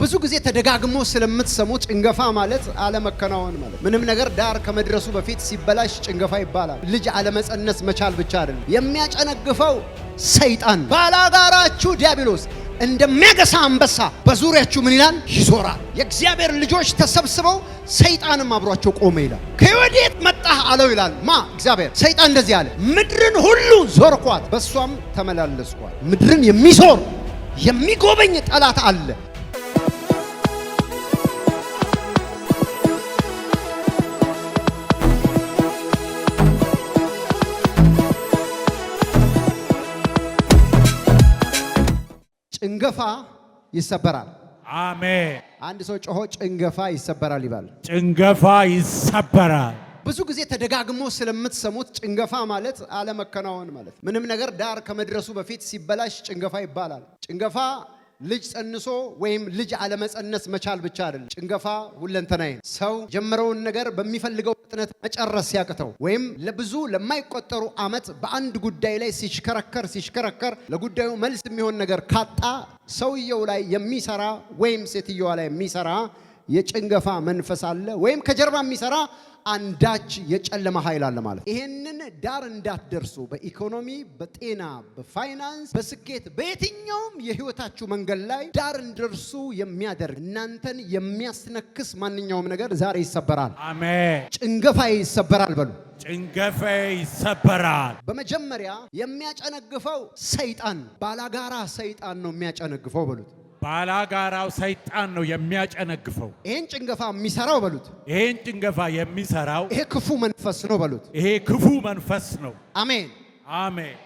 ብዙ ጊዜ ተደጋግሞ ስለምትሰሙ ጭንገፋ ማለት አለመከናወን ማለት ምንም ነገር ዳር ከመድረሱ በፊት ሲበላሽ ጭንገፋ ይባላል። ልጅ አለመጸነስ መቻል ብቻ አይደለም። የሚያጨነግፈው ሰይጣን ባላጋራችሁ ዲያብሎስ እንደሚያገሳ አንበሳ በዙሪያችሁ ምን ይላል? ይዞራል። የእግዚአብሔር ልጆች ተሰብስበው ሰይጣንም አብሯቸው ቆመ ይላል። ከወዴት መጣህ አለው ይላል ማ እግዚአብሔር። ሰይጣን እንደዚህ አለ፣ ምድርን ሁሉ ዞርኳት፣ በእሷም ተመላለስኳት። ምድርን የሚዞር የሚጎበኝ ጠላት አለ። ጭንገፋ ይሰበራል። አሜን። አንድ ሰው ጮሆ ጭንገፋ ይሰበራል ይባል። ጭንገፋ ይሰበራል። ብዙ ጊዜ ተደጋግሞ ስለምትሰሙት ጭንገፋ ማለት አለመከናወን ማለት ምንም ነገር ዳር ከመድረሱ በፊት ሲበላሽ ጭንገፋ ይባላል። ጭንገፋ ልጅ ጸንሶ ወይም ልጅ አለመጸነስ መቻል ብቻ አይደለም። ጭንገፋ ሁለንተናይ ነው። ሰው ጀምረውን ነገር በሚፈልገው ፍጥነት መጨረስ ሲያቅተው ወይም ለብዙ ለማይቆጠሩ ዓመት በአንድ ጉዳይ ላይ ሲሽከረከር ሲሽከረከር ለጉዳዩ መልስ የሚሆን ነገር ካጣ ሰውየው ላይ የሚሰራ ወይም ሴትየዋ ላይ የሚሰራ የጭንገፋ መንፈስ አለ፣ ወይም ከጀርባ የሚሰራ አንዳች የጨለማ ኃይል አለ ማለት። ይሄንን ዳር እንዳትደርሱ በኢኮኖሚ፣ በጤና፣ በፋይናንስ፣ በስኬት በየትኛውም የህይወታችሁ መንገድ ላይ ዳር እንደርሱ የሚያደርግ እናንተን የሚያስነክስ ማንኛውም ነገር ዛሬ ይሰበራል። አሜን። ጭንገፋ ይሰበራል። በሉ ጭንገፋ ይሰበራል። በመጀመሪያ የሚያጨነግፈው ሰይጣን ባላጋራ ሰይጣን ነው የሚያጨነግፈው በሉት ባላጋራው ሰይጣን ነው የሚያጨነግፈው። ይሄን ጭንገፋ የሚሰራው በሉት፣ ይሄን ጭንገፋ የሚሰራው ይሄ ክፉ መንፈስ ነው በሉት፣ ይሄ ክፉ መንፈስ ነው። አሜን አሜን።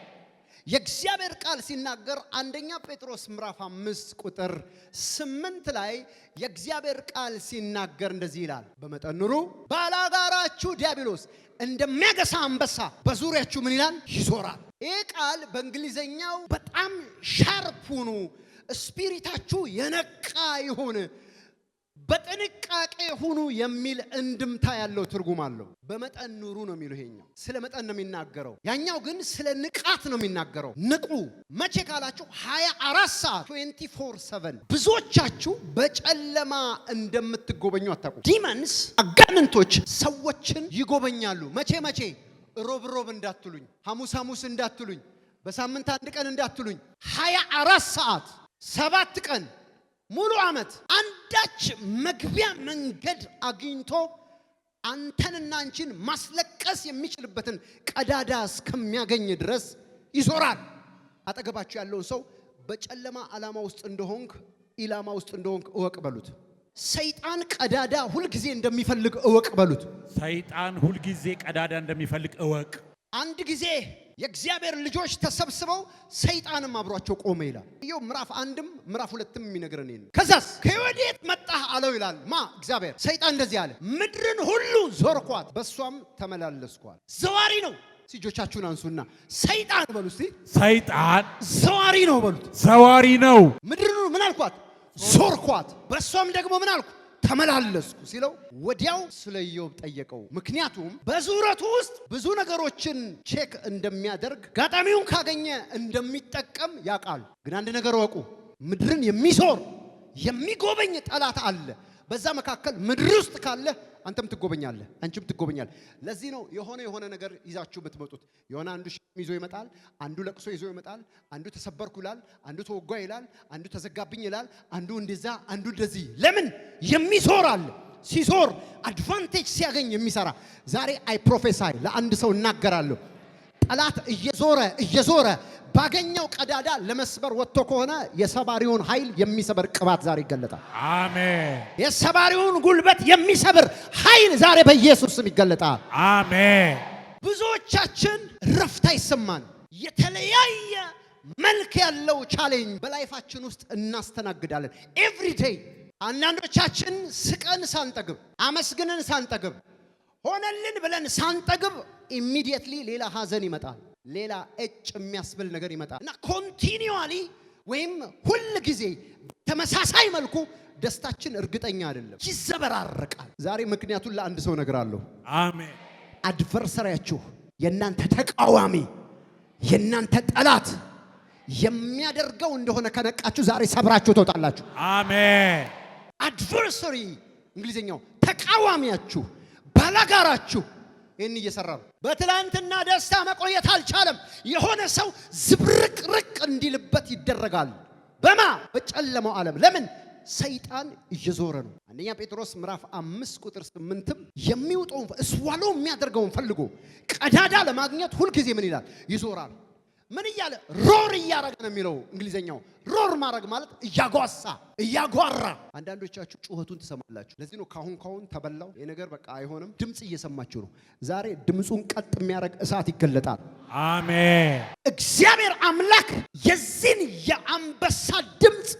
የእግዚአብሔር ቃል ሲናገር አንደኛ ጴጥሮስ ምዕራፍ አምስት ቁጥር ስምንት ላይ የእግዚአብሔር ቃል ሲናገር እንደዚህ ይላል፣ በመጠን ኑሩ፣ ባላጋራችሁ ዲያብሎስ እንደሚያገሳ አንበሳ በዙሪያችሁ ምን ይላል? ይዞራል። ይህ ቃል በእንግሊዘኛው በጣም ሻርፕ ሁኑ ስፒሪታችሁ የነቃ ይሁን፣ በጥንቃቄ ሁኑ የሚል እንድምታ ያለው ትርጉም አለው። በመጠን ኑሩ ነው የሚለው ይሄኛው። ስለ መጠን ነው የሚናገረው፣ ያኛው ግን ስለ ንቃት ነው የሚናገረው። ንቁ መቼ ካላችሁ 24 ሰዓት 24 7 ብዙዎቻችሁ በጨለማ እንደምትጎበኙ አታውቁ። ዲመንስ አጋንንቶች ሰዎችን ይጎበኛሉ። መቼ መቼ? ሮብ ሮብ እንዳትሉኝ፣ ሐሙስ ሐሙስ እንዳትሉኝ፣ በሳምንት አንድ ቀን እንዳትሉኝ፣ 24 ሰዓት ሰባት ቀን ሙሉ ዓመት አንዳች መግቢያ መንገድ አግኝቶ አንተንና አንቺን ማስለቀስ የሚችልበትን ቀዳዳ እስከሚያገኝ ድረስ ይዞራል። አጠገባችሁ ያለውን ሰው በጨለማ ዓላማ ውስጥ እንደሆንክ ኢላማ ውስጥ እንደሆንክ እወቅ በሉት። ሰይጣን ቀዳዳ ሁልጊዜ እንደሚፈልግ እወቅ በሉት። ሰይጣን ሁልጊዜ ቀዳዳ እንደሚፈልግ እወቅ። አንድ ጊዜ የእግዚአብሔር ልጆች ተሰብስበው ሰይጣንም አብሯቸው ቆመ ይላል። ይኸው ምዕራፍ አንድም ምዕራፍ ሁለትም የሚነግረን ነው። ከዛስ ከወዴት መጣህ አለው ይላል። ማ እግዚአብሔር። ሰይጣን እንደዚህ አለ፣ ምድርን ሁሉ ዞርኳት፣ በእሷም ተመላለስኳል። ዘዋሪ ነው። ሲጆቻችሁን አንሱና ሰይጣን በሉ እስቲ። ሰይጣን ዘዋሪ ነው በሉት። ዘዋሪ ነው። ምድርን ምን አልኳት? ዞርኳት። በእሷም ደግሞ ምን አልኩ ተመላለስኩ ሲለው ወዲያው ስለ ኢዮብ ጠየቀው። ምክንያቱም በዙረቱ ውስጥ ብዙ ነገሮችን ቼክ እንደሚያደርግ ጋጣሚውን ካገኘ እንደሚጠቀም ያውቃል። ግን አንድ ነገር ወቁ፣ ምድርን የሚሶር የሚጎበኝ ጠላት አለ። በዛ መካከል ምድር ውስጥ ካለ አንተም ትጎበኛለህ፣ አንቺም ትጎበኛለህ። ለዚህ ነው የሆነ የሆነ ነገር ይዛችሁ የምትመጡት። የሆነ አንዱ ሽም ይዞ ይመጣል፣ አንዱ ለቅሶ ይዞ ይመጣል፣ አንዱ ተሰበርኩ ይላል፣ አንዱ ተወጓ ይላል፣ አንዱ ተዘጋብኝ ይላል፣ አንዱ እንደዛ፣ አንዱ እንደዚህ። ለምን የሚሶር አለ ሲሶር አድቫንቴጅ ሲያገኝ የሚሰራ ዛሬ አይ ፕሮፌሳይ ለአንድ ሰው እናገራለሁ ጠላት እየዞረ እየዞረ ባገኘው ቀዳዳ ለመስበር ወጥቶ ከሆነ የሰባሪውን ኃይል የሚሰብር ቅባት ዛሬ ይገለጣል። አሜን። የሰባሪውን ጉልበት የሚሰብር ኃይል ዛሬ በኢየሱስ ስም ይገለጣል። አሜን። ብዙዎቻችን ረፍት አይሰማን። የተለያየ መልክ ያለው ቻሌንጅ በላይፋችን ውስጥ እናስተናግዳለን ኤቭሪዴይ አንዳንዶቻችን ስቀን ሳንጠግብ፣ አመስግነን ሳንጠግብ፣ ሆነልን ብለን ሳንጠግብ ኢሚዲየትሊ ሌላ ሀዘን ይመጣል፣ ሌላ እጭ የሚያስብል ነገር ይመጣል እና ኮንቲኒዋሊ ወይም ሁል ጊዜ ተመሳሳይ መልኩ ደስታችን እርግጠኛ አይደለም፣ ይዘበራረቃል። ዛሬ ምክንያቱን ለአንድ ሰው እነግራለሁ። አሜን። አድቨርሰሪያችሁ የእናንተ ተቃዋሚ የእናንተ ጠላት የሚያደርገው እንደሆነ ከነቃችሁ ዛሬ ሰብራችሁ ትወጣላችሁ። አሜን። አድቨርሰሪ እንግሊዝኛው ተቃዋሚያችሁ ባላጋራችሁ ይህን እየሰራ ነው። በትላንትና ደስታ መቆየት አልቻለም። የሆነ ሰው ዝብርቅርቅ እንዲልበት ይደረጋል። በማ በጨለመው ዓለም ለምን ሰይጣን እየዞረ ነው። አንደኛ ጴጥሮስ ምዕራፍ አምስት ቁጥር ስምንትም የሚውጠውን እስዋሎ የሚያደርገውን ፈልጎ ቀዳዳ ለማግኘት ሁልጊዜ ምን ይላል? ይዞራል ምን እያለ ሮር እያረገ ነው የሚለው እንግሊዘኛው። ሮር ማድረግ ማለት እያጓሳ እያጓራ። አንዳንዶቻችሁ ጩኸቱን ትሰማላችሁ። ለዚህ ነው ካሁን ካሁን ተበላው ይህ ነገር በቃ አይሆንም። ድምፅ እየሰማችሁ ነው። ዛሬ ድምፁን ቀጥ የሚያደርግ እሳት ይገለጣል። አሜን። እግዚአብሔር አምላክ የዚህን የአንበሳ ድምፅ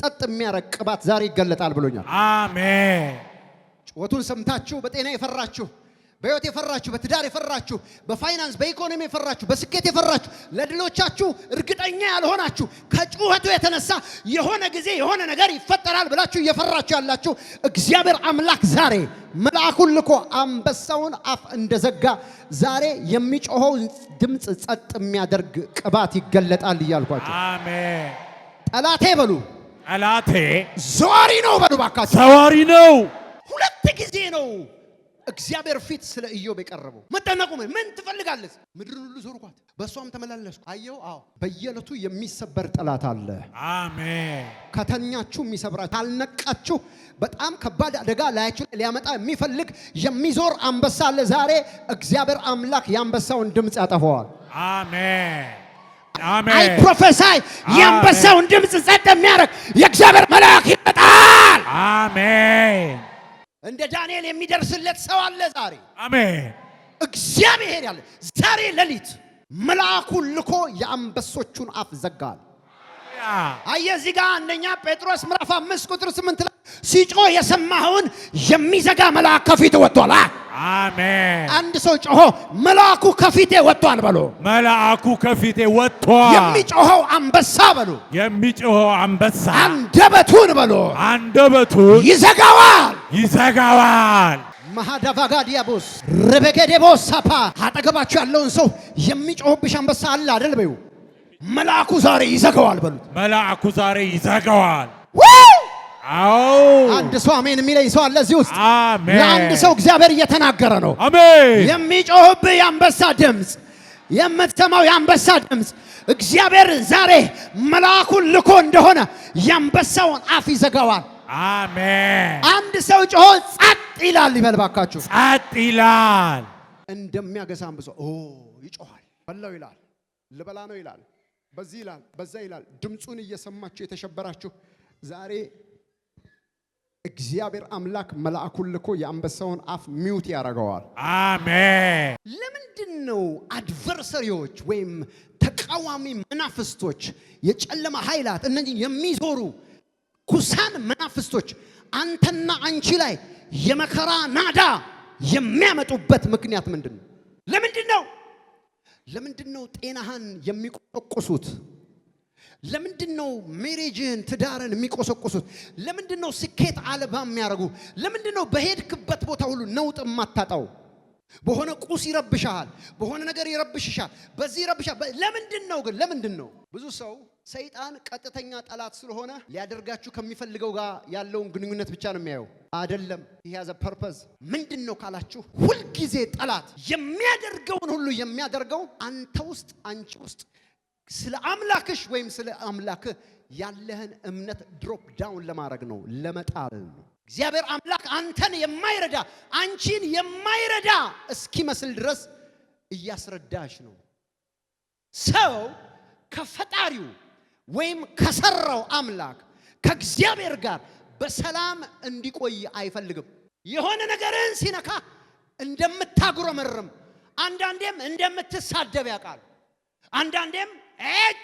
ጸጥ የሚያደርግ ቅባት ዛሬ ይገለጣል ብሎኛል። አሜን። ጩኸቱን ሰምታችሁ በጤና የፈራችሁ በህይወት የፈራችሁ፣ በትዳር የፈራችሁ፣ በፋይናንስ በኢኮኖሚ የፈራችሁ፣ በስኬት የፈራችሁ፣ ለድሎቻችሁ እርግጠኛ ያልሆናችሁ ከጩኸቱ የተነሳ የሆነ ጊዜ የሆነ ነገር ይፈጠራል ብላችሁ እየፈራችሁ ያላችሁ እግዚአብሔር አምላክ ዛሬ መልአኩን ልኮ አንበሳውን አፍ እንደዘጋ ዛሬ የሚጮኸውን ድምፅ ጸጥ የሚያደርግ ቅባት ይገለጣል እያልኳቸው አሜን። ጠላቴ በሉ ጠላቴ ዘዋሪ ነው በሉ ባካችሁ፣ ዘዋሪ ነው። ሁለት ጊዜ ነው እግዚአብሔር ፊት ስለ ኢዮብ የቀረበው መጠነቁ ምን ምን ትፈልጋለህ? ምድር ሁሉ ዞርኳት፣ በእሷም ተመላለስኩ አየው። አዎ በየዕለቱ የሚሰበር ጠላት አለ። አሜን። ከተኛችሁ የሚሰብራችሁ ካልነቃችሁ በጣም ከባድ አደጋ ላያችሁ ሊያመጣ የሚፈልግ የሚዞር አንበሳ አለ። ዛሬ እግዚአብሔር አምላክ የአንበሳውን ድምፅ ያጠፈዋል። አሜን። አይ ፕሮፌሳይ የአንበሳውን ድምፅ ጸጥ የሚያደርግ የእግዚአብሔር መልአክ ይመጣል። አሜን። እንደ ዳንኤል የሚደርስለት ሰው አለ ዛሬ። አሜን። እግዚአብሔር ያለ ዛሬ ሌሊት መልአኩን ልኮ የአንበሶቹን አፍ ዘጋል። አየ እዚህ ጋር አንደኛ ጴጥሮስ ምዕራፍ አምስት ቁጥር ስምንት ላይ ሲጮ የሰማኸውን የሚዘጋ መልአክ ከፊት ወጥቷል። አሜን። አንድ ሰው ጮሆ መልአኩ ከፊቴ ወጥቷል በሎ። መልአኩ ከፊቴ ወጥቷል። የሚጮኸው አንበሳ በሎ። የሚጮኸው አንበሳ አንደበቱን በሎ፣ አንደበቱን ይዘጋዋል ይዘጋዋል። ማዳቫጋዲያቦስ ዴቦስ ሳፓ አጠገባችሁ ያለውን ሰው የሚጮህብሽ አንበሳ አለ አደል በዩ መልአኩ ዛሬ ይዘጋዋል በሉት። መልአኩ ዛሬ ይዘጋዋል። አንድ ሰው አሜን የሚለኝ ሰው አለ እዚህ ውስጥ። ለአንድ ሰው እግዚአብሔር እየተናገረ ነው። የሚጮህብህ የአንበሳ ድምፅ የምትሰማው የአንበሳ ድምፅ እግዚአብሔር ዛሬ መልአኩን ልኮ እንደሆነ የአንበሳውን አፍ ይዘጋዋል። አሜን። አንድ ሰው ጮሆ ጸጥ ይላል ይበልባካችሁ ባካችሁ። ጸጥ ይላል። እንደሚያገሳ ብሶ ኦ ይጮሃል። በላው ይላል። ልበላ ነው ይላል። በዚህ ይላል፣ በዛ ይላል። ድምፁን እየሰማችሁ የተሸበራችሁ ዛሬ እግዚአብሔር አምላክ መልአኩን ልኮ የአንበሳውን አፍ ሚውት ያደርገዋል። አሜን። ለምንድን ነው አድቨርሰሪዎች ወይም ተቃዋሚ መናፍስቶች የጨለማ ኃይላት እነዚህ የሚዞሩ ርኩሳን መናፍስቶች አንተና አንቺ ላይ የመከራ ናዳ የሚያመጡበት ምክንያት ምንድን ነው? ለምንድን ነው ለምንድን ነው ጤናህን የሚቆሰቁሱት? ለምንድን ነው ሜሬጅህን ትዳርን የሚቆሰቁሱት? ለምንድን ነው ስኬት አልባ የሚያደርጉ? ለምንድን ነው በሄድክበት ቦታ ሁሉ ነውጥ የማታጣው? በሆነ ቁስ ይረብሻል፣ በሆነ ነገር ይረብሽሻል፣ በዚህ ይረብሻል። ለምንድን ነው ግን ለምንድን ነው ብዙ ሰው ሰይጣን ቀጥተኛ ጠላት ስለሆነ ሊያደርጋችሁ ከሚፈልገው ጋር ያለውን ግንኙነት ብቻ ነው የሚያየው። አይደለም ያዘ ፐርፐዝ ምንድን ነው ካላችሁ፣ ሁልጊዜ ጠላት የሚያደርገውን ሁሉ የሚያደርገው አንተ ውስጥ አንቺ ውስጥ ስለ አምላክሽ ወይም ስለ አምላክህ ያለህን እምነት ድሮፕ ዳውን ለማድረግ ነው፣ ለመጣል ነው። እግዚአብሔር አምላክ አንተን የማይረዳ አንቺን የማይረዳ እስኪመስል ድረስ እያስረዳሽ ነው። ሰው ከፈጣሪው ወይም ከሰራው አምላክ ከእግዚአብሔር ጋር በሰላም እንዲቆይ አይፈልግም። የሆነ ነገርን ሲነካ እንደምታጉረመርም አንዳንዴም እንደምትሳደብ ያውቃል። አንዳንዴም እጭ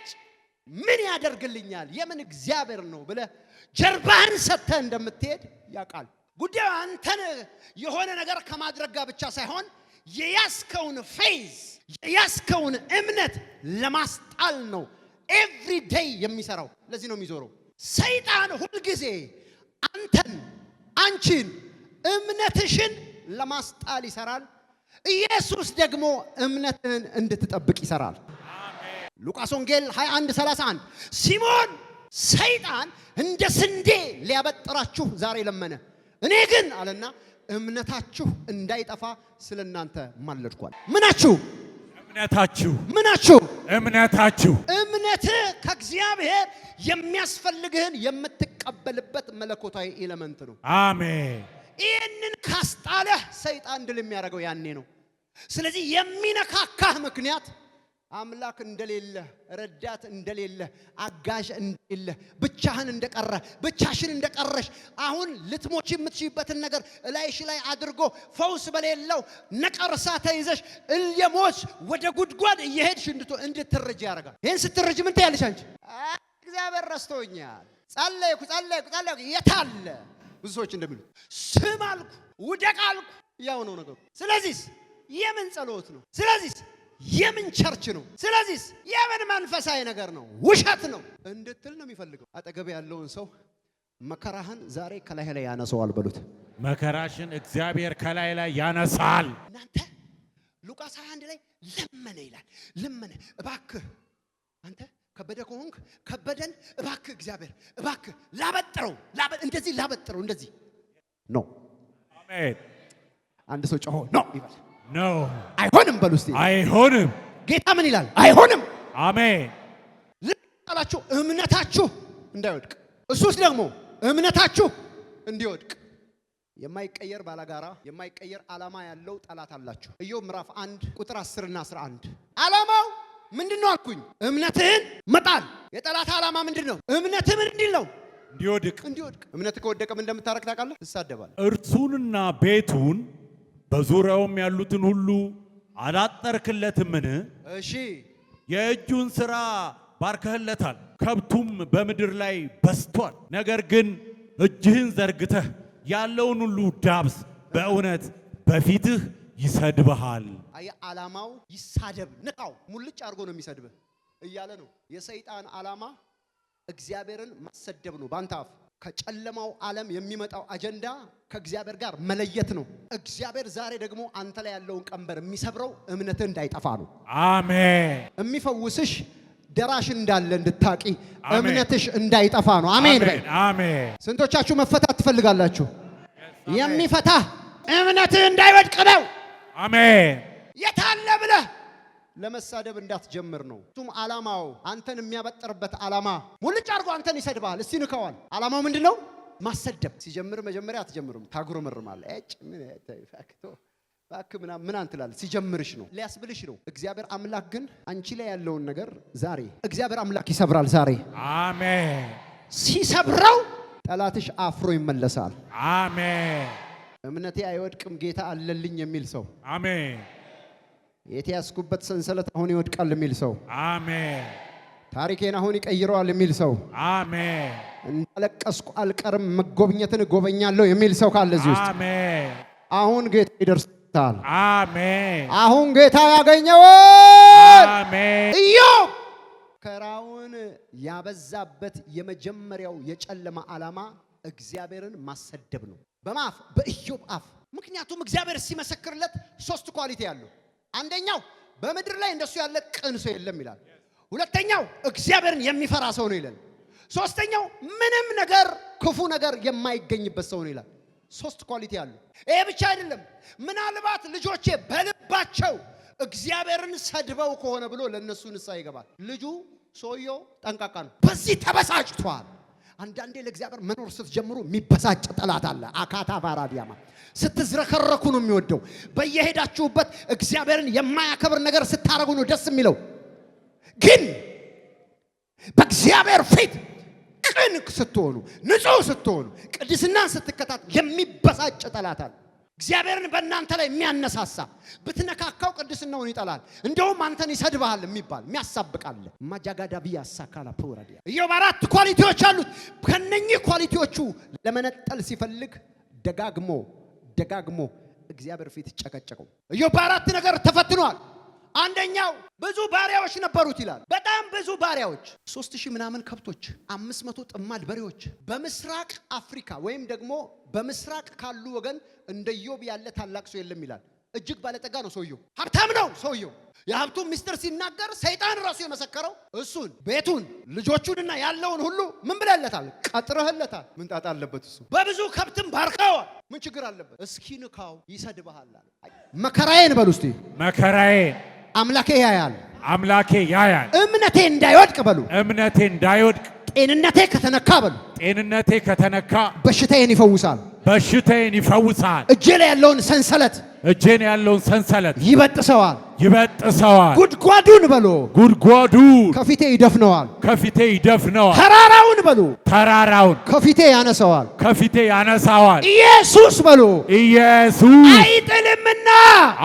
ምን ያደርግልኛል፣ የምን እግዚአብሔር ነው ብለ ጀርባህን ሰጥተህ እንደምትሄድ ያውቃል። ጉዳዩ አንተን የሆነ ነገር ከማድረግ ጋር ብቻ ሳይሆን የያዝከውን ፌዝ የያዝከውን እምነት ለማስጣል ነው ኤቭሪ ደይ የሚሰራው። ለዚህ ነው የሚዞረው ሰይጣን ሁልጊዜ አንተን፣ አንቺን፣ እምነትሽን ለማስጣል ይሰራል። ኢየሱስ ደግሞ እምነትህን እንድትጠብቅ ይሰራል። ሉቃስ ወንጌል 21 31 ሲሞን ሰይጣን እንደ ስንዴ ሊያበጥራችሁ ዛሬ ለመነ፣ እኔ ግን አለና እምነታችሁ እንዳይጠፋ ስለ እናንተ ማለድኳል። ምናችሁ እምነታችሁ ምናችሁ እምነታችሁ እምነት ከእግዚአብሔር የሚያስፈልግህን የምትቀበልበት መለኮታዊ ኤለመንት ነው። አሜን። ይህንን ካስጣለህ ሰይጣን ድል የሚያደርገው ያኔ ነው። ስለዚህ የሚነካካህ ምክንያት አምላክ እንደሌለ፣ ረዳት እንደሌለ፣ አጋዥ እንደሌለ፣ ብቻህን እንደቀረ፣ ብቻሽን እንደቀረሽ አሁን ልትሞች የምትሽበትን ነገር እላይሽ ላይ አድርጎ ፈውስ በሌለው ነቀርሳ ተይዘሽ እየሞች ወደ ጉድጓድ እየሄድሽ እንድትረጅ ያደርጋል። ይህን ስትረጅ ምን ትያለሽ አንቺ? እግዚአብሔር ረስቶኛል፣ ጸለይኩ ጸለይኩ ጸለይኩ፣ የታለ ብዙ ሰዎች እንደሚሉ ስም አልኩ፣ ውደቅ አልኩ፣ ያው ነው ነገሩ። ስለዚህ የምን ጸሎት ነው? ስለዚህ የምን ቸርች ነው? ስለዚህ የምን መንፈሳዊ ነገር ነው? ውሸት ነው እንድትል ነው የሚፈልገው። አጠገብ ያለውን ሰው መከራህን ዛሬ ከላይ ላይ ያነሰዋል በሉት። መከራሽን እግዚአብሔር ከላይ ላይ ያነሳል። እናንተ ሉቃስ 21 ላይ ለመነ ይላል። ለመነ እባክህ አንተ ከበደ ከሆንክ ከበደን እባክ እግዚአብሔር እባክ ላበጥረው፣ እንደዚህ ላበጥረው፣ እንደዚህ ኖ አሜን። አንድ ሰው ጮሆ ኖ ይበል አይሆንም በሉ እስቲ። አይሆንም ጌታ ምን ይላል? አይሆንም። አሜን። ዝም አላችሁ እምነታችሁ እንዳይወድቅ፣ እሱስ ደግሞ እምነታችሁ እንዲወድቅ የማይቀየር ባላጋራ የማይቀየር ዓላማ ያለው ጠላት አላችሁ። ኢዮብ ምዕራፍ 1 ቁጥር 10 እና 11 ዓላማው ምንድን ነው አልኩኝ? እምነትህን መጣል። የጠላት ዓላማ ምንድን ነው? እምነትህ ምን እንዲል ነው? እንዲወድቅ። እንዲወድቅ። እምነትህ ከወደቀ ምን እንደምታረግ ታውቃለህ? ትሳደባለህ። እርሱንና ቤቱን በዙሪያውም ያሉትን ሁሉ አላጠርክለትምን? እሺ የእጁን ሥራ ባርከህለታል፣ ከብቱም በምድር ላይ በስቷል። ነገር ግን እጅህን ዘርግተህ ያለውን ሁሉ ዳብስ፣ በእውነት በፊትህ ይሰድብሃል። ዓላማው ይሳደብ፣ ንቃው፣ ሙልጭ አድርጎ ነው የሚሰድብህ እያለ ነው። የሰይጣን ዓላማ እግዚአብሔርን ማሰደብ ነው በአንተ አፍ ከጨለማው ዓለም የሚመጣው አጀንዳ ከእግዚአብሔር ጋር መለየት ነው። እግዚአብሔር ዛሬ ደግሞ አንተ ላይ ያለውን ቀንበር የሚሰብረው እምነትህ እንዳይጠፋ ነው። አሜን። የሚፈውስሽ ደራሽ እንዳለ እንድታቂ እምነትሽ እንዳይጠፋ ነው። አሜን በይ። አሜን። ስንቶቻችሁ መፈታት ትፈልጋላችሁ? የሚፈታ እምነትህ እንዳይወድቅ ነው። አሜን። የታለ ብለህ ለመሳደብ እንዳትጀምር ነው። እሱም ዓላማው አንተን የሚያበጥርበት ዓላማ ሙልጭ አድርጎ አንተን ይሰድባል። እስቲ ንከዋል። ዓላማው ምንድን ነው? ማሰደብ ሲጀምር መጀመሪያ አትጀምርም፣ ታጉረመርማለህ። እጭ ባክ ምናምን ምን አንትላል ሲጀምርሽ ነው ሊያስብልሽ ነው። እግዚአብሔር አምላክ ግን አንቺ ላይ ያለውን ነገር ዛሬ እግዚአብሔር አምላክ ይሰብራል። ዛሬ አሜን። ሲሰብረው ጠላትሽ አፍሮ ይመለሳል። አሜን። እምነቴ አይወድቅም ጌታ አለልኝ የሚል ሰው አሜን የተያዝኩበት ሰንሰለት አሁን ይወድቃል የሚል ሰው አሜን። ታሪኬን አሁን ይቀይረዋል የሚል ሰው አሜን። እንዳለቀስኩ አልቀርም መጎብኘትን እጎበኛለሁ የሚል ሰው ካለ እዚህ ውስጥ አሜን። አሁን ጌታ ይደርስታል። አሜን። አሁን ጌታ ያገኘው አሜን። ኢዮብ ከራውን ያበዛበት የመጀመሪያው የጨለማ ዓላማ እግዚአብሔርን ማሰደብ ነው። በማፍ በኢዮብ አፍ። ምክንያቱም እግዚአብሔር ሲመሰክርለት ሶስት ኳሊቲ አለው አንደኛው በምድር ላይ እንደሱ ያለ ቅን ሰው የለም ይላል። ሁለተኛው እግዚአብሔርን የሚፈራ ሰው ነው ይላል። ሶስተኛው ምንም ነገር ክፉ ነገር የማይገኝበት ሰው ነው ይላል። ሶስት ኳሊቲ አሉ። ይሄ ብቻ አይደለም። ምናልባት ልጆቼ በልባቸው እግዚአብሔርን ሰድበው ከሆነ ብሎ ለእነሱ ንሳ ይገባል። ልጁ ሰውየው ጠንቃቃ ነው። በዚህ ተበሳጭቷል። አንዳንዴ ለእግዚአብሔር መኖር ስትጀምሩ የሚበሳጭ ጠላት አለ። አካታ ባራዲያማ ስትዝረከረኩ ነው የሚወደው። በየሄዳችሁበት እግዚአብሔርን የማያከብር ነገር ስታረጉ ነው ደስ የሚለው። ግን በእግዚአብሔር ፊት ቅን ስትሆኑ፣ ንጹህ ስትሆኑ፣ ቅድስናን ስትከታት የሚበሳጭ ጠላት አለ። እግዚአብሔርን በእናንተ ላይ የሚያነሳሳ ብትነካካው ቅድስናውን ይጠላል፣ እንደውም አንተን ይሰድብሃል የሚባል የሚያሳብቃለ ማጃጋዳ ቢያሳ ካላ ፕሮራዲያ እዮብ አራት ኳሊቲዎች አሉት። ከነኚህ ኳሊቲዎቹ ለመነጠል ሲፈልግ ደጋግሞ ደጋግሞ እግዚአብሔር ፊት ጨቀጨቀው። እዮብ በአራት ነገር ተፈትኗል። አንደኛው ብዙ ባሪያዎች ነበሩት ይላል። በጣም ብዙ ባሪያዎች፣ ሶስት ሺህ ምናምን ከብቶች፣ አምስት መቶ ጥማድ በሬዎች። በምስራቅ አፍሪካ ወይም ደግሞ በምስራቅ ካሉ ወገን እንደ ያለ ታላቅ ሰው የለም ይላል። እጅግ ባለጠጋ ነው ሰውየው፣ ሀብታም ነው ሰውየው። የሀብቱ ሚስጥር ሲናገር ሰይጣን ራሱ የመሰከረው እሱን፣ ቤቱን፣ ልጆቹንና ያለውን ሁሉ ምን ብለህለታል? ቀጥረህለታል። ምን ጣጣ አለበት እሱ? በብዙ ከብትም ባርከዋል። ምን ችግር አለበት? እስኪ ንካው ይሰድብሃል መከራዬን በል ውስጥ መከራዬን አምላኬ ያያል አምላኬ ያያል። እምነቴ እንዳይወድቅ በሉ። እምነቴ እንዳይወድቅ። ጤንነቴ ከተነካ በሉ። ጤንነቴ ከተነካ በሽታዬን ይፈውሳል። በሽታዬን ይፈውሳል። እጄ ላይ ያለውን ሰንሰለት እጄን ያለውን ሰንሰለት ይበጥሰዋል ይበጥሰዋል። ጉድጓዱን በሉ ጉድጓዱ ከፊቴ ይደፍነዋል ከፊቴ ይደፍነዋል። ተራራውን በሉ ተራራውን ከፊቴ ያነሳዋል ከፊቴ ያነሳዋል። ኢየሱስ በሉ ኢየሱስ አይጥልምና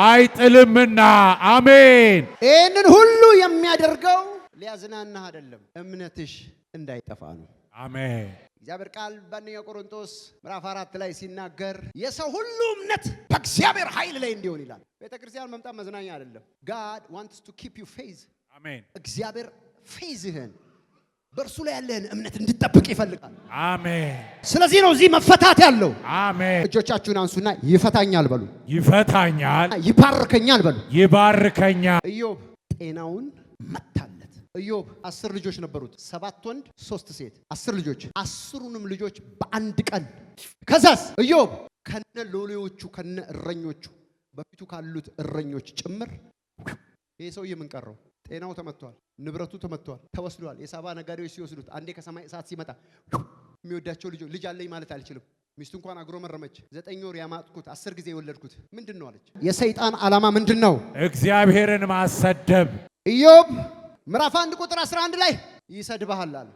አይጥልምና። አሜን። ይህንን ሁሉ የሚያደርገው ሊያዝናና አይደለም፣ እምነትሽ እንዳይጠፋ ነው። አሜን። እግዚአብሔር ቃል በአንደኛ ቆሮንቶስ ምዕራፍ አራት ላይ ሲናገር የሰው ሁሉ እምነት በእግዚአብሔር ኃይል ላይ እንዲሆን ይላል። ቤተ ክርስቲያን መምጣት መዝናኛ አይደለም። ጋድ ዋንትስ ቱ ኪፕ ዩ ፌዝ። አሜን። እግዚአብሔር ፌዝህን በእርሱ ላይ ያለህን እምነት እንድጠብቅ ይፈልጋል። አሜን። ስለዚህ ነው እዚህ መፈታት ያለው። አሜን። እጆቻችሁን አንሱና ይፈታኛል በሉ። ይፈታኛል፣ ይባርከኛል በሉ። ይባርከኛል። ኢዮብ ጤናውን መታ ኢዮብ አስር ልጆች ነበሩት፣ ሰባት ወንድ፣ ሶስት ሴት፣ አስር ልጆች። አስሩንም ልጆች በአንድ ቀን ከዛስ ኢዮብ ከነ ሎሌዎቹ ከነ እረኞቹ በፊቱ ካሉት እረኞች ጭምር ይሄ ሰውዬ ምን ቀረው? ጤናው ተመቷል፣ ንብረቱ ተመቷል፣ ተወስዷል። የሳባ ነጋዴዎች ሲወስዱት አንዴ ከሰማይ እሳት ሲመጣ የሚወዳቸው ልጆች ልጅ አለኝ ማለት አልችልም። ሚስቱ እንኳን አግሮ መረመች። ዘጠኝ ወር ያማጥኩት አስር ጊዜ የወለድኩት ምንድን ነው አለች። የሰይጣን ዓላማ ምንድን ነው? እግዚአብሔርን ማሰደብ ኢዮብ ምዕራፍ አንድ ቁጥር 11 ላይ ይሰድብሃል አለ።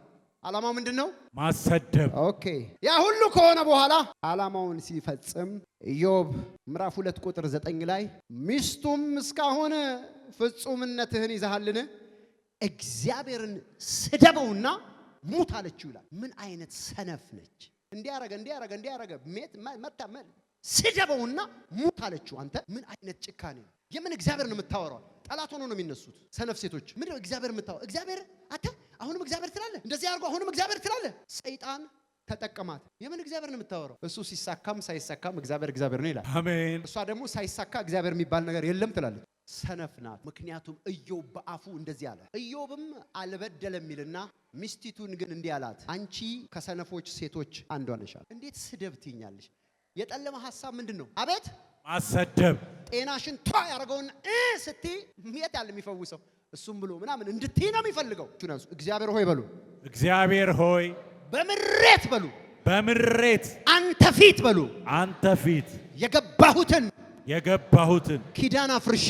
ዓላማው ምንድን ነው? ማሰደብ። ኦኬ። ያ ሁሉ ከሆነ በኋላ ዓላማውን ሲፈጽም ኢዮብ ምዕራፍ ሁለት ቁጥር ዘጠኝ ላይ ሚስቱም እስካሁን ፍጹምነትህን ይዛሃልን እግዚአብሔርን ስደበውና ሙት አለችው ይላል። ምን አይነት ሰነፍ ነች! እንዲያረገ እንዲያረገ እንዲያረገ ሜት መታ ስደበውና ሙት አለችው። አንተ ምን አይነት ጭካኔ ነው! የምን እግዚአብሔር ነው የምታወራው? ጠላት ሆኖ ነው የሚነሱት። ሰነፍ ሴቶች ምንድን ነው እግዚአብሔር የምታወ እግዚአብሔር አተ አሁንም እግዚአብሔር ትላለ እንደዚህ አድርጎ አሁንም እግዚአብሔር ትላለ። ሰይጣን ተጠቀማት። የምን እግዚአብሔር ነው የምታወራው? እሱ ሲሳካም ሳይሳካም እግዚአብሔር እግዚአብሔር ነው ይላል። አሜን። እሷ ደግሞ ሳይሳካ እግዚአብሔር የሚባል ነገር የለም ትላለች። ሰነፍ ናት። ምክንያቱም እዮብ በአፉ እንደዚህ አለ። እዮብም አልበደለም የሚልና ሚስቲቱን ግን እንዲህ አላት፣ አንቺ ከሰነፎች ሴቶች አንዷ ነሻል። እንዴት ስደብ ትኛለሽ? የጠለመ ሀሳብ ምንድን ነው? አቤት ማሰደብ ጤናሽን ቷ ያደረገውን ስትይ የት ያለ የሚፈውሰው እሱም ብሎ ምናምን እንድትይ ነው የሚፈልገው። እግዚአብሔር ሆይ በሉ፣ እግዚአብሔር ሆይ በምሬት በሉ፣ በምሬት አንተ ፊት በሉ፣ አንተ ፊት የገባሁትን የገባሁትን ኪዳን አፍርሼ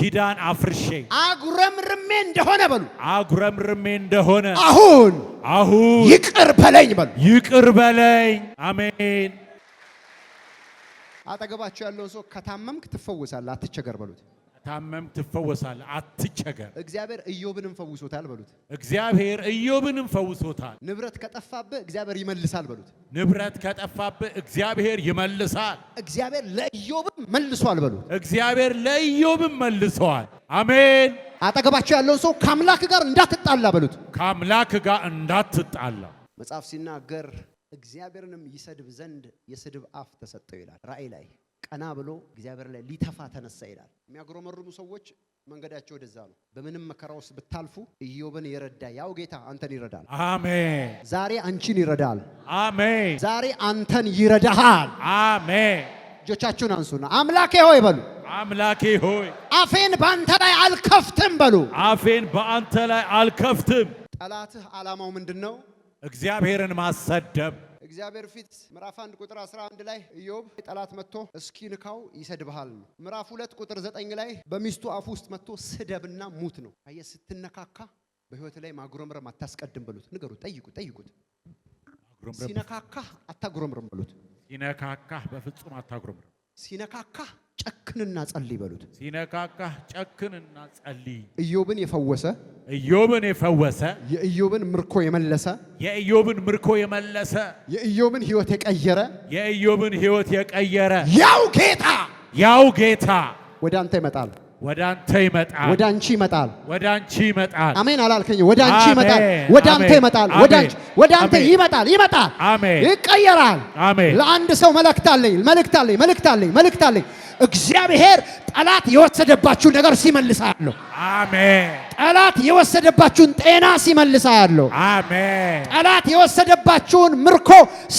ኪዳን አፍርሼ አጉረምርሜ እንደሆነ በሉ አጉረምርሜ እንደሆነ አሁን አሁን ይቅር በለኝ በሉ፣ ይቅር በለኝ። አሜን አጠገባቸው ያለውን ሰው ከታመምክ ትፈወሳለህ፣ አትቸገር በሉት። ታመምክ ትፈወሳለህ፣ አትቸገር። እግዚአብሔር ኢዮብንም ፈውሶታል በሉት። እግዚአብሔር ኢዮብንም ፈውሶታል። ንብረት ከጠፋብህ እግዚአብሔር ይመልሳል በሉት። ንብረት ከጠፋብህ እግዚአብሔር ይመልሳል። እግዚአብሔር ለኢዮብም መልሷል በሉት። እግዚአብሔር ለኢዮብም መልሰዋል። አሜን። አጠገባቸው ያለውን ሰው ከአምላክ ጋር እንዳትጣላ በሉት። ከአምላክ ጋር እንዳትጣላ መጽሐፍ ሲናገር እግዚአብሔርንም ይሰድብ ዘንድ የስድብ አፍ ተሰጠው ይላል። ራእይ ላይ ቀና ብሎ እግዚአብሔር ላይ ሊተፋ ተነሳ ይላል። የሚያጉረመርሙ ሰዎች መንገዳቸው ወደዛ ነው። በምንም መከራ ውስጥ ብታልፉ ኢዮብን የረዳ ያው ጌታ አንተን ይረዳል። አሜን። ዛሬ አንቺን ይረዳል። አሜን። ዛሬ አንተን ይረዳሃል። አሜን። እጆቻችሁን አንሱና አምላኬ ሆይ በሉ። አምላኬ ሆይ አፌን በአንተ ላይ አልከፍትም በሉ። አፌን በአንተ ላይ አልከፍትም። ጠላትህ ዓላማው ምንድን ነው? እግዚአብሔርን ማሰደብ እግዚአብሔር ፊት ምዕራፍ 1 ቁጥር 11 ላይ ኢዮብ ጠላት መጥቶ እስኪ ንካው ይሰድብሃል ነው። ምዕራፍ 2 ቁጥር 9 ላይ በሚስቱ አፍ ውስጥ መጥቶ ስደብና ሙት ነው። አየ ስትነካካ በህይወት ላይ ማጉረምረም አታስቀድም በሉት። ንገሩ፣ ጠይቁ፣ ጠይቁት። ሲነካካ አታጉረምረም በሉት። ሲነካካ በፍጹም አታጉረምረም። ሲነካካ ጨክንና ጸልይ በሉት። ሲነካካህ ጨክንና ጸልይ። ኢዮብን የፈወሰ ኢዮብን የፈወሰ የኢዮብን ምርኮ የመለሰ የኢዮብን ምርኮ የመለሰ የኢዮብን ሕይወት የቀየረ የኢዮብን ሕይወት የቀየረ ያው ጌታ ያው ጌታ ወደ አንተ ይመጣል። ወደ አንተ ይመጣል። ወደ አንቺ ይመጣል። ወደ አንቺ ይመጣል። አሜን አላልከኝ? ወደ አንቺ ይመጣል። ወደ አንተ ይመጣል። ወደ አንተ ይመጣል። ይመጣል። ይቀየራል። ለአንድ ሰው መልእክት አለኝ። መልእክት አለኝ። መልእክት አለኝ። መልእክት አለኝ። እግዚአብሔር ጠላት የወሰደባችሁን ነገር ሲመልሳለሁ። አሜን። ጠላት የወሰደባችሁን ጤና ሲመልሳለሁ። አሜን። ጠላት የወሰደባችሁን ምርኮ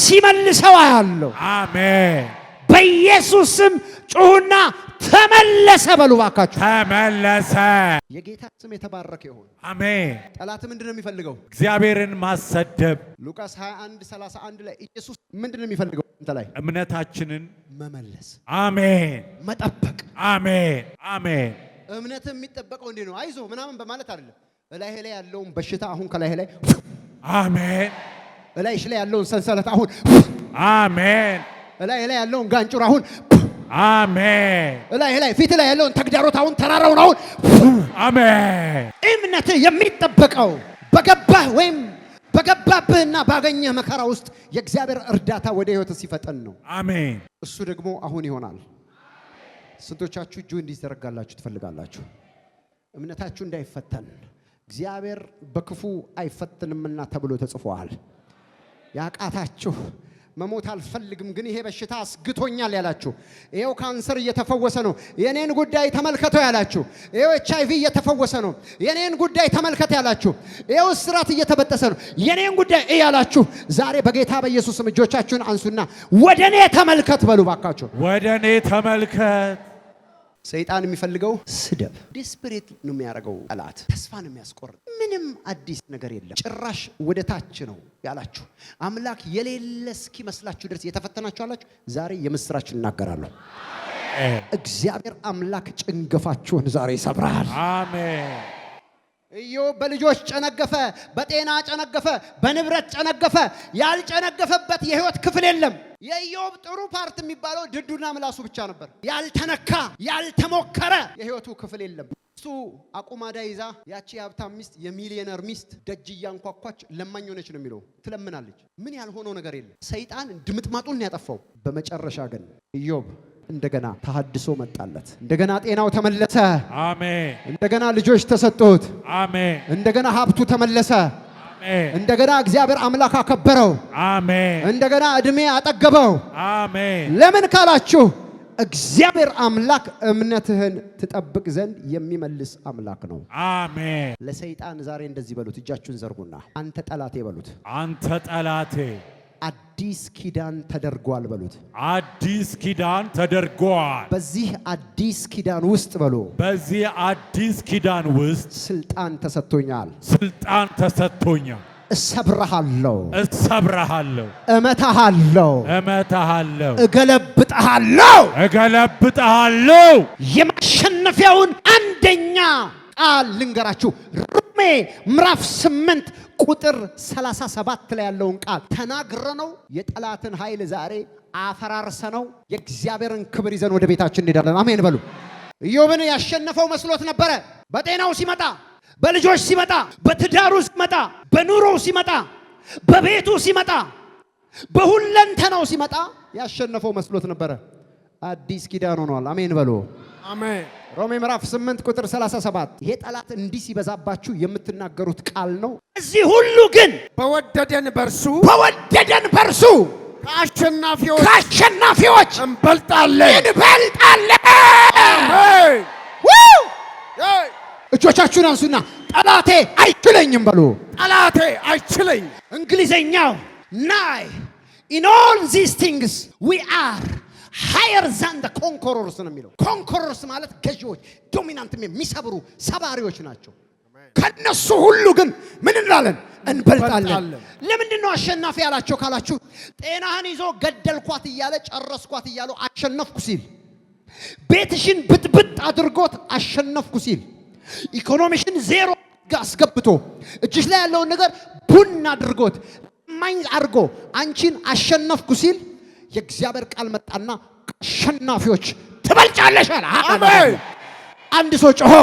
ሲመልሰው አያለሁ። አሜን። በኢየሱስ ስም ጩሁና ተመለሰ በሉ ተመለሰ። የጌታ ስም የተባረከ ይሁን። አሜን። ጠላት ምንድነው የሚፈልገው? እግዚአብሔርን ማሰደብ። ሉቃስ 21 31 ላይ ኢየሱስ ምንድነው የሚፈልገው? እንተ ላይ እምነታችንን መመለስ። አሜን። መጠበቅ። አሜን፣ አሜን። እምነት የሚጠበቀው እንዴ ነው? አይዞ ምናምን በማለት አይደለም። እላይሄ ላይ ያለውን በሽታ አሁን ከላይ ላይ አሜን። እላይሽ ላይ ያለውን ሰንሰለት አሁን አሜን። እላይሄ ላይ ያለውን ጋንጩር አሁን አሜን። እላይ እላይ ፊት ላይ ያለውን ተግዳሮት አሁን ተራራውን አሁን አሜን። እምነትህ የሚጠበቀው በገባህ ወይም በገባብህና ባገኘህ መከራ ውስጥ የእግዚአብሔር እርዳታ ወደ ህይወት ሲፈጠን ነው። አሜን። እሱ ደግሞ አሁን ይሆናል። ስንቶቻችሁ እጁ እንዲዘረጋላችሁ ትፈልጋላችሁ? እምነታችሁ እንዳይፈተን እግዚአብሔር በክፉ አይፈትንምና ተብሎ ተጽፏል። ያቃታችሁ መሞት አልፈልግም፣ ግን ይሄ በሽታ አስግቶኛል ያላችሁ፣ ይሄው ካንሰር እየተፈወሰ ነው፣ የኔን ጉዳይ ተመልከተው ያላችሁ፣ ይሄው ኤች አይ ቪ እየተፈወሰ ነው፣ የኔን ጉዳይ ተመልከት ያላችሁ፣ ይሄው እስራት እየተበጠሰ ነው፣ የኔን ጉዳይ እያላችሁ፣ ዛሬ በጌታ በኢየሱስም እጆቻችሁን አንሱና ወደ እኔ ተመልከት በሉ ባካችሁ፣ ወደ እኔ ተመልከት ሰይጣን የሚፈልገው ስደብ፣ ዴስፕሬት ነው የሚያደርገው ጠላት። ተስፋ ነው የሚያስቆርጥ። ምንም አዲስ ነገር የለም። ጭራሽ ወደ ታች ነው ያላችሁ። አምላክ የሌለ እስኪመስላችሁ ድረስ የተፈተናችሁ አላችሁ። ዛሬ የምስራችሁ እናገራለሁ። እግዚአብሔር አምላክ ጭንገፋችሁን ዛሬ ይሰብራል። አሜን። እዮ በልጆች ጨነገፈ፣ በጤና ጨነገፈ፣ በንብረት ጨነገፈ። ያልጨነገፈበት የህይወት ክፍል የለም። የኢዮብ ጥሩ ፓርት የሚባለው ድዱና ምላሱ ብቻ ነበር። ያልተነካ ያልተሞከረ የህይወቱ ክፍል የለም። እሱ አቁማዳ ይዛ ያቺ የሀብታም ሚስት የሚሊዮነር ሚስት ደጅ እያንኳኳች ለማኝ ሆነች ነው የሚለው። ትለምናለች። ምን ያልሆነው ነገር የለም። ሰይጣን ድምጥማጡን ያጠፋው። በመጨረሻ ግን ኢዮብ እንደገና ተሃድሶ መጣለት። እንደገና ጤናው ተመለሰ። አሜን። እንደገና ልጆች ተሰጡት። አሜን። እንደገና ሀብቱ ተመለሰ። እንደገና እግዚአብሔር አምላክ አከበረው። አሜን። እንደገና እድሜ አጠገበው። አሜን። ለምን ካላችሁ እግዚአብሔር አምላክ እምነትህን ትጠብቅ ዘንድ የሚመልስ አምላክ ነው። አሜን። ለሰይጣን ዛሬ እንደዚህ በሉት፣ እጃችሁን ዘርጉና አንተ ጠላቴ በሉት፣ አንተ ጠላቴ አዲስ ኪዳን ተደርጓል በሉት። አዲስ ኪዳን ተደርጓል። በዚህ አዲስ ኪዳን ውስጥ በሉ። በዚህ አዲስ ኪዳን ውስጥ ስልጣን ተሰጥቶኛል። ስልጣን ተሰጥቶኛል። እሰብረሃለሁ፣ እሰብረሃለሁ፣ እመታሃለሁ፣ እመታሃለሁ፣ እገለብጠሃለሁ፣ እገለብጠሃለሁ የማሸነፊያውን አንደኛ ቃል ልንገራችሁ ሮሜ ምዕራፍ ስምንት ቁጥር 37 ላይ ያለውን ቃል ተናግረ ነው የጠላትን ኃይል ዛሬ አፈራርሰ ነው የእግዚአብሔርን ክብር ይዘን ወደ ቤታችን እንሄዳለን። አሜን በሉ። ኢዮብን ያሸነፈው መስሎት ነበረ። በጤናው ሲመጣ፣ በልጆች ሲመጣ፣ በትዳሩ ሲመጣ፣ በኑሮው ሲመጣ፣ በቤቱ ሲመጣ፣ በሁለንተናው ሲመጣ ያሸነፈው መስሎት ነበረ። አዲስ ኪዳን ሆኗል። አሜን በሉ። አሜን። ሮሜ ምዕራፍ 8 ቁጥር 37 ይሄ ጠላት እንዲህ ሲበዛባችሁ የምትናገሩት ቃል ነው። እዚህ ሁሉ ግን በወደደን በርሱ በወደደን በርሱ ከአሸናፊዎች ከአሸናፊዎች እንበልጣለን እንበልጣለን። እጆቻችሁን አንሱና ጠላቴ አይችለኝም በሉ። ጠላቴ አይችለኝ። እንግሊዘኛው ናይ ኢን ኦል ዚስ ቲንግስ ዊ አር ሃየር ዛን ደ ኮንኮሮርስ ነው የሚለው። ኮንኮሮርስ ማለት ገዢዎች፣ ዶሚናንት የሚሰብሩ ሰባሪዎች ናቸው። ከነሱ ሁሉ ግን ምን እንላለን? እንበልጣለን። ለምንድን ነው አሸናፊ ያላቸው ካላችሁ፣ ጤናህን ይዞ ገደልኳት እያለ ጨረስኳት እያሉ አሸነፍኩ ሲል፣ ቤትሽን ብጥብጥ አድርጎት አሸነፍኩ ሲል፣ ኢኮኖሚሽን ዜሮ አስገብቶ እጅሽ ላይ ያለውን ነገር ቡን አድርጎት ማኝ አድርጎ አንቺን አሸነፍኩ ሲል የእግዚአብሔር ቃል መጣና አሸናፊዎች ትበልጫለሽ አለ። አሜን። አንድ ሰው ጮሆ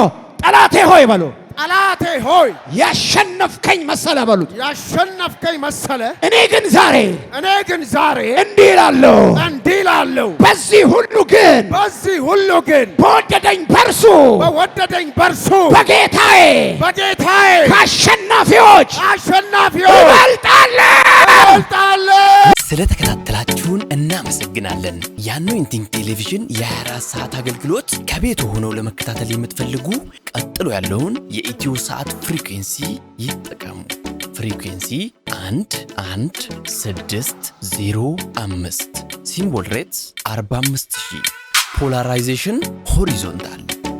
ጠላቴ ሆይ በሉ ጠላቴ ሆይ ያሸነፍከኝ መሰለ በሉት። ያሸነፍከኝ መሰለ። እኔ ግን ዛሬ እኔ ግን ዛሬ እንዲህ እላለሁ እንዲህ እላለሁ በዚህ ሁሉ ግን በዚህ ሁሉ ግን በወደደኝ በርሱ በወደደኝ በርሱ በጌታዬ በጌታዬ ከአሸናፊዎች አሸናፊዎች እበልጣለሁ እበልጣለሁ። ስለተከታተላችሁ እናመሰግናለን። የአኖይንቲንግ ቴሌቪዥን የ24 ሰዓት አገልግሎት ከቤቱ ሆነው ለመከታተል የምትፈልጉ ቀጥሎ ያለውን የኢትዮ ሰዓት ፍሪኩንሲ ይጠቀሙ። ፍሪኩንሲ 11605 ሲምቦል ሬትስ 45000 ፖላራይዜሽን ሆሪዞንታል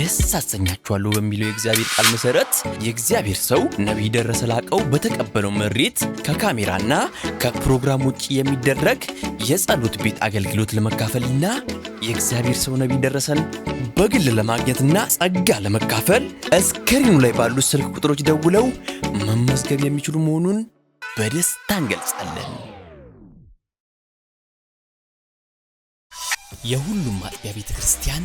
ደስ አሰኛችኋለሁ በሚለው የእግዚአብሔር ቃል መሰረት የእግዚአብሔር ሰው ነቢይ ደረሰ ላቀው በተቀበለው መሬት ከካሜራና ከፕሮግራም ውጭ የሚደረግ የጸሎት ቤት አገልግሎት ለመካፈልና የእግዚአብሔር ሰው ነቢይ ደረሰን በግል ለማግኘትና ጸጋ ለመካፈል እስክሪኑ ላይ ባሉት ስልክ ቁጥሮች ደውለው መመዝገብ የሚችሉ መሆኑን በደስታ እንገልጻለን። የሁሉም ማጥቢያ ቤተ ክርስቲያን